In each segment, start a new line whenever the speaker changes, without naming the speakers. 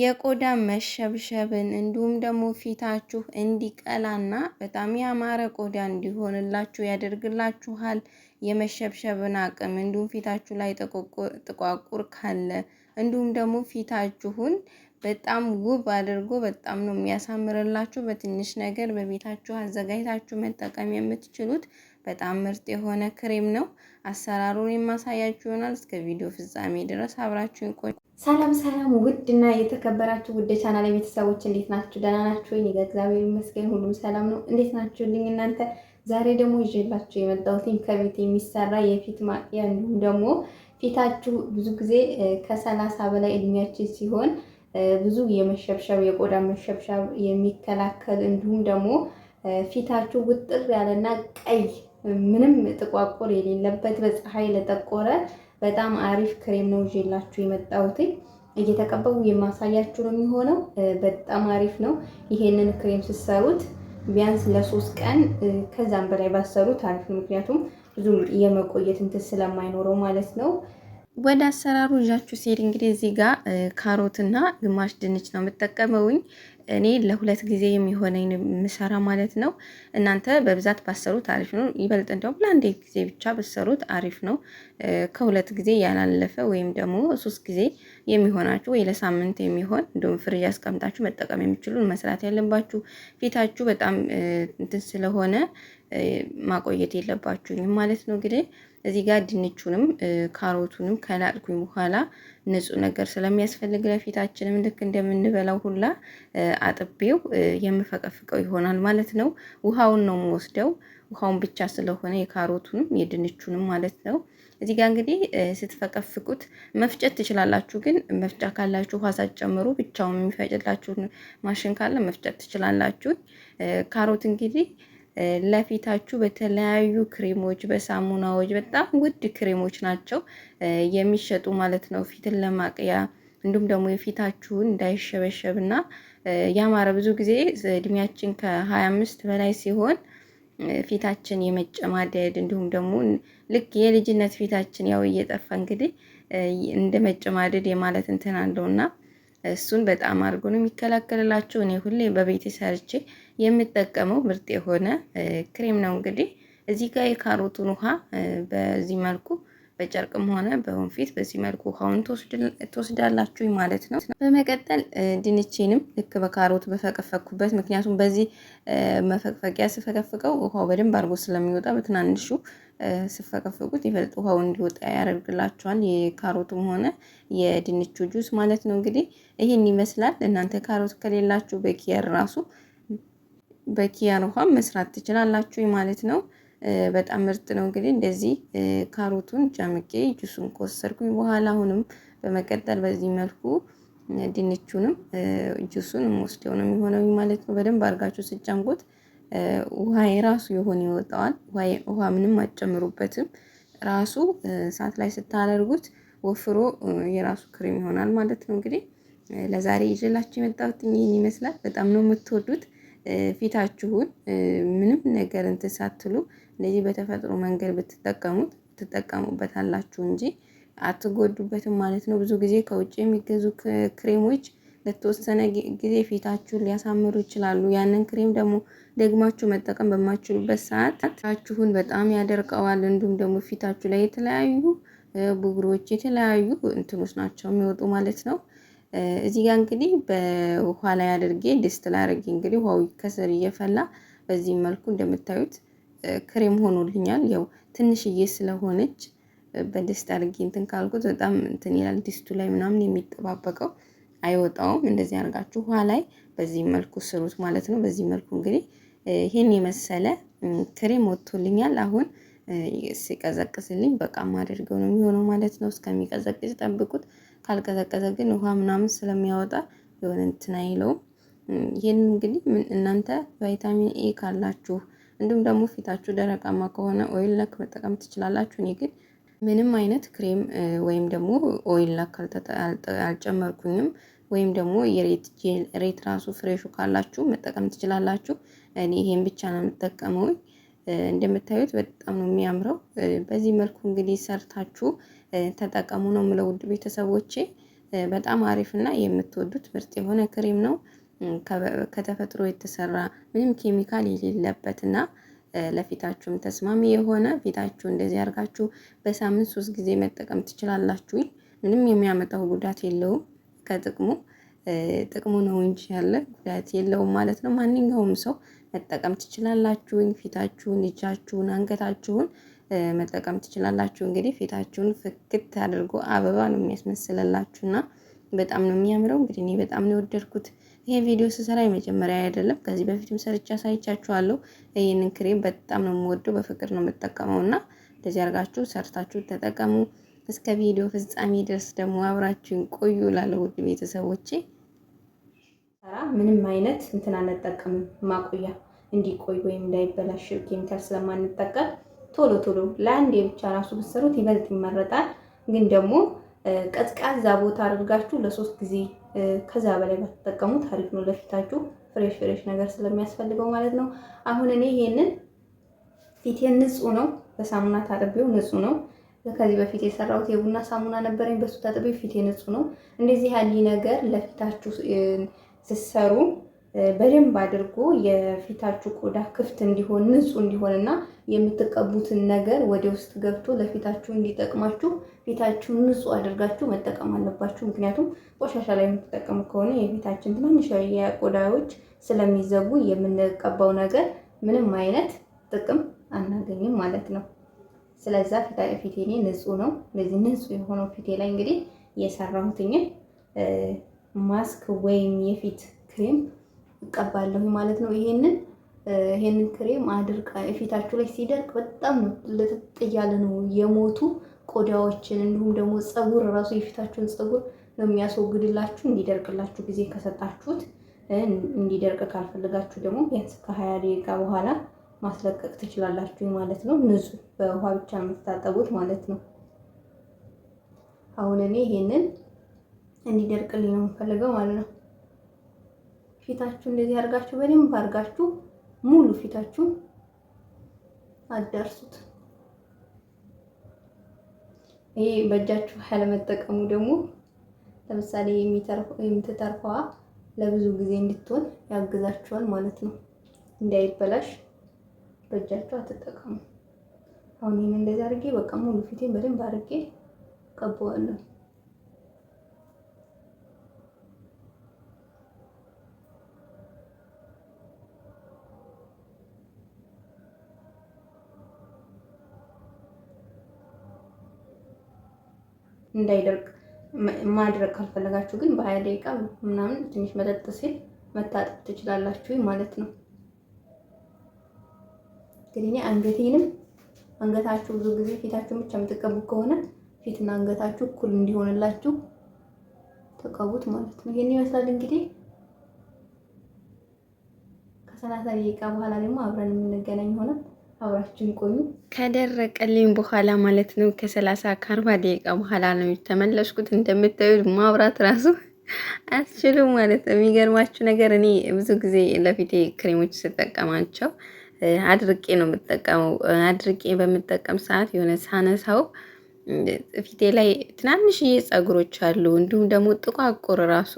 የቆዳ መሸብሸብን እንዲሁም ደግሞ ፊታችሁ እንዲቀላና በጣም ያማረ ቆዳ እንዲሆንላችሁ ያደርግላችኋል። የመሸብሸብን አቅም እንዲሁም ፊታችሁ ላይ ጥቋቁር ካለ እንዲሁም ደግሞ ፊታችሁን በጣም ውብ አድርጎ በጣም ነው የሚያሳምርላችሁ። በትንሽ ነገር በቤታችሁ አዘጋጅታችሁ መጠቀም የምትችሉት በጣም ምርጥ የሆነ ክሬም ነው። አሰራሩን የማሳያችሁ ይሆናል። እስከ ቪዲዮ ፍጻሜ ድረስ አብራችሁን ቆዩ።
ሰላም ሰላም! ውድና የተከበራችሁ ውድ ቻናል ቤተሰቦች እንዴት ናችሁ? ደህና ናችሁ? እኔ እግዚአብሔር ይመስገን ሁሉም ሰላም ነው። እንዴት ናችሁልኝ እናንተ? ዛሬ ደግሞ ይዤላችሁ የመጣሁት ከቤት የሚሰራ የፊት ማቅያ እንዲሁም ደግሞ ፊታችሁ ብዙ ጊዜ ከሰላሳ በላይ እድሜያችን ሲሆን ብዙ የመሸብሸብ የቆዳ መሸብሸብ የሚከላከል እንዲሁም ደግሞ ፊታችሁ ውጥር ያለና ቀይ ምንም ጥቋቁር የሌለበት በፀሐይ ለጠቆረ በጣም አሪፍ ክሬም ነው ይዤላችሁ የመጣሁት። እየተቀባሁ የማሳያችሁ ነው የሚሆነው። በጣም አሪፍ ነው። ይሄንን ክሬም ስትሰሩት ቢያንስ ለሶስት ቀን ከዛም በላይ ባሰሩት አሪፍ ነው። ምክንያቱም ብዙም የመቆየት እንትን ስለማይኖረው ማለት ነው።
ወደ አሰራሩ እዣችሁ ሲሄድ እንግዲህ እዚህ ጋር ካሮትና ግማሽ ድንች ነው የምጠቀመውኝ። እኔ ለሁለት ጊዜ የሚሆነኝ ምሰራ ማለት ነው። እናንተ በብዛት ባሰሩት አሪፍ ነው። ይበልጥ እንዲያውም ለአንድ ጊዜ ብቻ በሰሩት አሪፍ ነው። ከሁለት ጊዜ ያላለፈ ወይም ደግሞ ሶስት ጊዜ የሚሆናችሁ ወይ ለሳምንት የሚሆን እንዲሁም ፍሪጅ አስቀምጣችሁ መጠቀም የሚችሉ መስራት ያለባችሁ። ፊታችሁ በጣም እንትን ስለሆነ ማቆየት የለባችሁኝም ማለት ነው እንግዲህ እዚህ ጋር ድንቹንም ካሮቱንም ከናጥኩኝ በኋላ ንጹህ ነገር ስለሚያስፈልግ ለፊታችንም ልክ እንደምንበላው ሁላ አጥቤው የምፈቀፍቀው ይሆናል ማለት ነው። ውሃውን ነው የምወስደው። ውሃውን ብቻ ስለሆነ የካሮቱንም የድንቹንም ማለት ነው። እዚህ ጋር እንግዲህ ስትፈቀፍቁት መፍጨት ትችላላችሁ። ግን መፍጫ ካላችሁ ውሃ ሳትጨምሩ ብቻውን የሚፈጭላችሁን ማሽን ካለ መፍጨት ትችላላችሁ። ካሮት እንግዲህ ለፊታችሁ በተለያዩ ክሬሞች በሳሙናዎች በጣም ውድ ክሬሞች ናቸው የሚሸጡ ማለት ነው። ፊትን ለማቅያ እንዲሁም ደግሞ የፊታችሁን እንዳይሸበሸብ ና ያማረ ብዙ ጊዜ እድሜያችን ከሀያ አምስት በላይ ሲሆን ፊታችን የመጨማደድ እንዲሁም ደግሞ ልክ የልጅነት ፊታችን ያው እየጠፋ እንግዲህ እንደ መጨማደድ የማለት እንትን አለውና እሱን በጣም አድርጎ ነው የሚከላከልላቸው እኔ ሁሌ በቤቴ ሰርቼ የምጠቀመው ምርጥ የሆነ ክሬም ነው። እንግዲህ እዚህ ጋር የካሮቱን ውሃ በዚህ መልኩ በጨርቅም ሆነ በወንፊት በዚህ መልኩ ውሃውን ትወስዳላችሁ ማለት ነው። በመቀጠል ድንቼንም ልክ በካሮት በፈቀፈኩበት፣ ምክንያቱም በዚህ መፈቅፈቂያ ስፈቀፍቀው ውሃው በደንብ አድርጎ ስለሚወጣ በትናንሹ ስፈቀፍቁት ይበልጥ ውሃው እንዲወጣ ያደርግላችኋል። የካሮቱም ሆነ የድንቹ ጁስ ማለት ነው። እንግዲህ ይህን ይመስላል። እናንተ ካሮት ከሌላችሁ በኪያር ራሱ በኪያር ውሃ መስራት ትችላላችሁ ማለት ነው። በጣም ምርጥ ነው። እንግዲህ እንደዚህ ካሮቱን ጨምቄ ጁሱን ከወሰድኩኝ በኋላ አሁንም በመቀጠል በዚህ መልኩ ድንቹንም ጁሱን ወስደው ነው የሚሆነው ማለት ነው። በደንብ አድርጋችሁ ስጨምቁት ውሃ የራሱ የሆነ ይወጣዋል። ውሃ ምንም አጨምሩበትም። ራሱ እሳት ላይ ስታደርጉት ወፍሮ የራሱ ክሬም ይሆናል ማለት ነው። እንግዲህ ለዛሬ ይዤላችሁ የመጣሁት ይህን ይመስላል። በጣም ነው የምትወዱት። ፊታችሁን ምንም ነገር እንትን ሳትሉ እንደዚህ በተፈጥሮ መንገድ ብትጠቀሙት ትጠቀሙበታላችሁ እንጂ አትጎዱበትም ማለት ነው። ብዙ ጊዜ ከውጭ የሚገዙ ክሬሞች ለተወሰነ ጊዜ ፊታችሁን ሊያሳምሩ ይችላሉ። ያንን ክሬም ደግሞ ደግማችሁ መጠቀም በማችሉበት ሰዓት ፊታችሁን በጣም ያደርቀዋል። እንዲሁም ደግሞ ፊታችሁ ላይ የተለያዩ ቡግሮች፣ የተለያዩ እንትኖች ናቸው የሚወጡ ማለት ነው። እዚህ ጋር እንግዲህ በውሃ ላይ አድርጌ ድስት ላይ አድርጌ እንግዲህ ውሃው ከስር እየፈላ በዚህ መልኩ እንደምታዩት ክሬም ሆኖልኛል። ያው ትንሽዬ ስለሆነች በድስት አድርጌ እንትን ካልኩት በጣም እንትን ይላል ድስቱ ላይ ምናምን የሚጠባበቀው አይወጣውም። እንደዚህ አድርጋችሁ ውሃ ላይ በዚህ መልኩ ስሩት ማለት ነው። በዚህ መልኩ እንግዲህ ይህን የመሰለ ክሬም ወጥቶልኛል። አሁን ሲቀዘቅስልኝ በቃ ማደርገው ነው የሚሆነው ማለት ነው። እስከሚቀዘቅስ ጠብቁት። ካልቀዘቀዘ ግን ውሃ ምናምን ስለሚያወጣ የሆነ እንትን አይለውም። ይህን እንግዲህ እናንተ ቫይታሚን ኤ ካላችሁ እንዲሁም ደግሞ ፊታችሁ ደረቃማ ከሆነ ኦይል ላክ መጠቀም ትችላላችሁ። እኔ ግን ምንም አይነት ክሬም ወይም ደግሞ ኦይል ላክ አልጨመርኩኝም። ወይም ደግሞ የሬትራንሱ ሬት ራሱ ፍሬሹ ካላችሁ መጠቀም ትችላላችሁ። እኔ ይሄን ብቻ ነው የምጠቀመው። እንደምታዩት በጣም ነው የሚያምረው። በዚህ መልኩ እንግዲህ ሰርታችሁ ተጠቀሙ ነው የምለው ውድ ቤተሰቦቼ። በጣም አሪፍ እና የምትወዱት ምርጥ የሆነ ክሬም ነው ከተፈጥሮ የተሰራ ምንም ኬሚካል የሌለበት እና ለፊታችሁም ተስማሚ የሆነ ፊታችሁ እንደዚህ አድርጋችሁ በሳምንት ሶስት ጊዜ መጠቀም ትችላላችሁ። ምንም የሚያመጣው ጉዳት የለውም። ከጥቅሙ ጥቅሙ ነው እንጂ ያለ ጉዳት የለውም ማለት ነው። ማንኛውም ሰው መጠቀም ትችላላችሁን። ፊታችሁን፣ እጃችሁን፣ አንገታችሁን መጠቀም ትችላላችሁ። እንግዲህ ፊታችሁን ፍክት አድርጎ አበባ ነው የሚያስመስልላችሁና በጣም ነው የሚያምረው። እንግዲህ እኔ በጣም ነው የወደድኩት። ይሄ ቪዲዮ ስሰራ የመጀመሪያ አይደለም። ከዚህ በፊትም ሰርቻ ሳይቻችኋለሁ። ይህንን ክሬም በጣም ነው የምወደው፣ በፍቅር ነው የምጠቀመው እና እንደዚህ አድርጋችሁ ሰርታችሁ ተጠቀሙ። እስከ ቪዲዮ ፍጻሜ ድረስ ደግሞ አብራችሁን ቆዩ። ላለ ውድ ቤተሰቦቼ
ምንም አይነት እንትን አንጠቀምም ማቆያ እንዲቆይ ወይም እንዳይበላሽ ኬሚካል ስለማንጠቀም ቶሎ ቶሎ ለአንድ የብቻ ራሱ ብትሰሩት ይበልጥ ይመረጣል። ግን ደግሞ ቀዝቃዛ ቦታ አድርጋችሁ ለሶስት ጊዜ ከዛ በላይ ባትጠቀሙት ታሪክ ነው ለፊታችሁ ፍሬሽ ፍሬሽ ነገር ስለሚያስፈልገው ማለት ነው። አሁን እኔ ይሄንን ፊቴን ንጹህ ነው በሳሙና ታጥቤው ንጹህ ነው ከዚህ በፊት የሰራሁት የቡና ሳሙና ነበረኝ። በሱ ታጥቤ ፊቴ ንጹህ ነው። እንደዚህ ያለ ነገር ለፊታችሁ ስትሰሩ በደንብ አድርጎ የፊታችሁ ቆዳ ክፍት እንዲሆን ንጹህ እንዲሆንና የምትቀቡትን ነገር ወደ ውስጥ ገብቶ ለፊታችሁ እንዲጠቅማችሁ ፊታችሁን ንጹህ አድርጋችሁ መጠቀም አለባችሁ። ምክንያቱም ቆሻሻ ላይ የምትጠቀሙ ከሆነ የፊታችን ትናንሽ ቆዳዎች ስለሚዘጉ የምንቀባው ነገር ምንም አይነት ጥቅም አናገኝም ማለት ነው። ስለዛ ፊቴ እኔ ንጹህ ነው። ስለዚህ ንጹህ የሆነው ፊቴ ላይ እንግዲህ የሰራሁትኝን ማስክ ወይም የፊት ክሬም እቀባለሁ ማለት ነው። ይሄንን ይሄንን ክሬም አድርቀ ፊታችሁ ላይ ሲደርቅ በጣም ልጥጥ እያለ ነው የሞቱ ቆዳዎችን እንዲሁም ደግሞ ፀጉር ራሱ የፊታችሁን ፀጉር የሚያስወግድላችሁ እንዲደርቅላችሁ ጊዜ ከሰጣችሁት እንዲደርቅ ካልፈለጋችሁ ደግሞ ቢያንስ ከሀያ ደቂቃ በኋላ ማስለቀቅ ትችላላችሁ ማለት ነው። ንጹህ በውሃ ብቻ የምትታጠቡት ማለት ነው። አሁን እኔ ይሄንን እንዲደርቅልኝ ነው የምፈልገው ማለት ነው። ፊታችሁ እንደዚህ አድርጋችሁ በደንብ አድርጋችሁ ሙሉ ፊታችሁ አዳርሱት። ይሄ በእጃችሁ ያለመጠቀሙ ደግሞ ለምሳሌ የምትተርፈዋ ለብዙ ጊዜ እንድትሆን ያግዛችኋል ማለት ነው እንዳይበላሽ በእጃችሁ አትጠቀሙ። አሁን ይህን እንደዚህ አድርጌ በቃ ሙሉ ፊቴን በደንብ አድርጌ ቀበዋለሁ እንዳይደርቅ ማድረግ ካልፈለጋችሁ ግን በሀያ ደቂቃ ምናምን ትንሽ መጠጥ ሲል መታጠብ ትችላላችሁ ማለት ነው። እንግዲህ እኔ አንገቴንም አንገታችሁ ብዙ ጊዜ ፊታችሁን ብቻ የምትቀቡ ከሆነ ፊትና አንገታችሁ እኩል እንዲሆንላችሁ ተቀቡት ማለት ነው። ይሄን ይመስላል እንግዲህ ከሰላሳ ደቂቃ በኋላ ደግሞ አብረን የምንገናኝ ሆነ አብራችን ቆዩ።
ከደረቀልኝ በኋላ ማለት ነው ከሰላሳ ከአርባ ደቂቃ በኋላ ነው የተመለስኩት። እንደምታዩት ማብራት ራሱ አስችሉ ማለት ነው። የሚገርማችሁ ነገር እኔ ብዙ ጊዜ ለፊቴ ክሬሞች ስጠቀማቸው አድርቄ ነው የምጠቀመው። አድርቄ በምጠቀም ሰዓት የሆነ ሳነሳው ፊቴ ላይ ትናንሽዬ ፀጉሮች አሉ። እንዲሁም ደግሞ ጥቋቁር ራሱ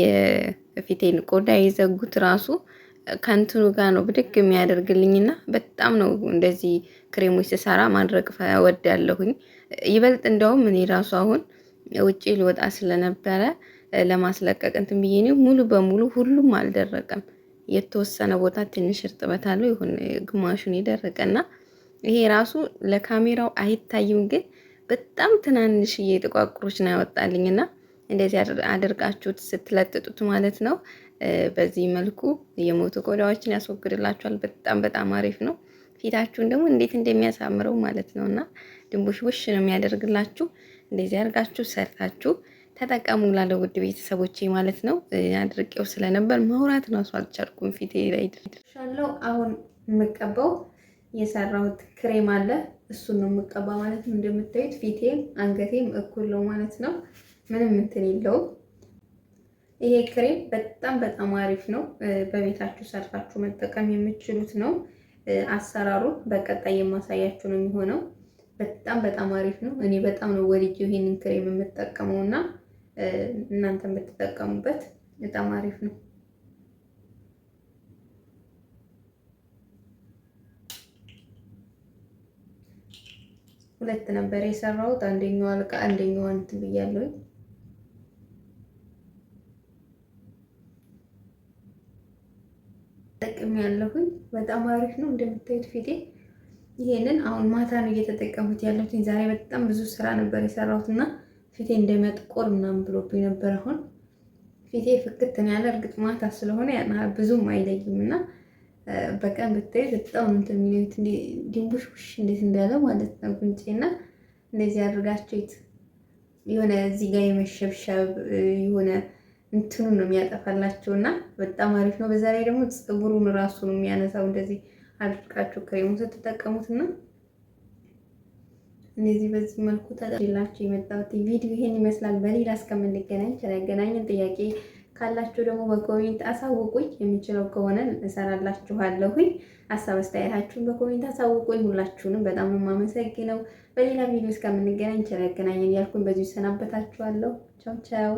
የፊቴን ቆዳ የዘጉት ራሱ ከንትኑ ጋር ነው ብድግ የሚያደርግልኝና በጣም ነው እንደዚህ ክሬሞች ስሰራ ማድረግ ወዳለሁኝ። ይበልጥ እንደውም እኔ ራሱ አሁን ውጭ ልወጣ ስለነበረ ለማስለቀቅ እንትን ብዬ ሙሉ በሙሉ ሁሉም አልደረቀም። የተወሰነ ቦታ ትንሽ እርጥበት አለው ይሁን ግማሹን የደረቀና ይሄ ራሱ ለካሜራው አይታይም፣ ግን በጣም ትናንሽዬ ጥቋቁሮች ነው ያወጣልኝና እንደዚህ አድርጋችሁት ስትለጥጡት ማለት ነው። በዚህ መልኩ የሞቱ ቆዳዎችን ያስወግድላችኋል። በጣም በጣም አሪፍ ነው። ፊታችሁን ደግሞ እንዴት እንደሚያሳምረው ማለት ነው እና ድንቡሽ ውሽ ነው የሚያደርግላችሁ። እንደዚህ አድርጋችሁ ሰርታችሁ ተጠቀሙ ላለው ውድ ቤተሰቦቼ ማለት ነው። አድርቄው ስለነበር መውራት ራሱ አልቻልኩም ፊቴ ላይ
ድርሻለው። አሁን የምቀባው የሰራሁት ክሬም አለ እሱን ነው የምቀባ ማለት ነው። እንደምታዩት ፊቴም አንገቴም እኩል ነው ማለት ነው። ምንም እንትን የለውም። ይሄ ክሬም በጣም በጣም አሪፍ ነው። በቤታችሁ ሰርታችሁ መጠቀም የምትችሉት ነው። አሰራሩ በቀጣይ የማሳያችሁ ነው የሚሆነው። በጣም በጣም አሪፍ ነው። እኔ በጣም ነው ወድጄው ይሄንን ክሬም የምጠቀመውና እናንተን ብትጠቀሙበት በጣም አሪፍ ነው። ሁለት ነበር የሰራሁት። አንደኛው አልቃ አንደኛው እንትን ብያለሁኝ። ጠቅም ያለሁኝ በጣም አሪፍ ነው። እንደምታዩት ፊቴ ይሄንን አሁን ማታ ነው እየተጠቀሙት ያለሁትኝ። ዛሬ በጣም ብዙ ስራ ነበር የሰራሁት እና ፊቴ እንደመጥቆር ምናምን ብሎብኝ ነበር። አሁን ፊቴ ፍክት ነው ያለ። እርግጥ ማታ ስለሆነ ያን ብዙም አይለይም እና በቀን ብታይ በጣም እንትን የሚሉት ቡሽ እንዴት እንዳለ ማለት ነው። ጉንጬና እንደዚህ አድርጋችሁት የሆነ እዚህ ጋር የመሸብሸብ የሆነ እንትኑ ነው የሚያጠፋላቸው እና በጣም አሪፍ ነው። በዛ ላይ ደግሞ ፀጉሩን ራሱን የሚያነሳው እንደዚህ አድርጋችሁ ክሬሙ ስትጠቀሙት እነዚህ በዚህ መልኩ ተጠላችሁ የመጣሁት ቪዲዮ ይሄን ይመስላል። በሌላ እስከምንገናኝ ስለገናኘን ጥያቄ ካላችሁ ደግሞ በኮሜንት አሳውቁኝ። የምችለው ከሆነ እሰራላችኋለሁኝ። ሀሳብ አስተያየታችሁን በኮሜንት አሳውቁኝ። ሁላችሁንም በጣም የማመሰግነው። በሌላ ቪዲዮ እስከምንገናኝ ስለገናኘን ያልኩኝ በዚሁ ይሰናበታችኋለሁ። ቻው ቻው።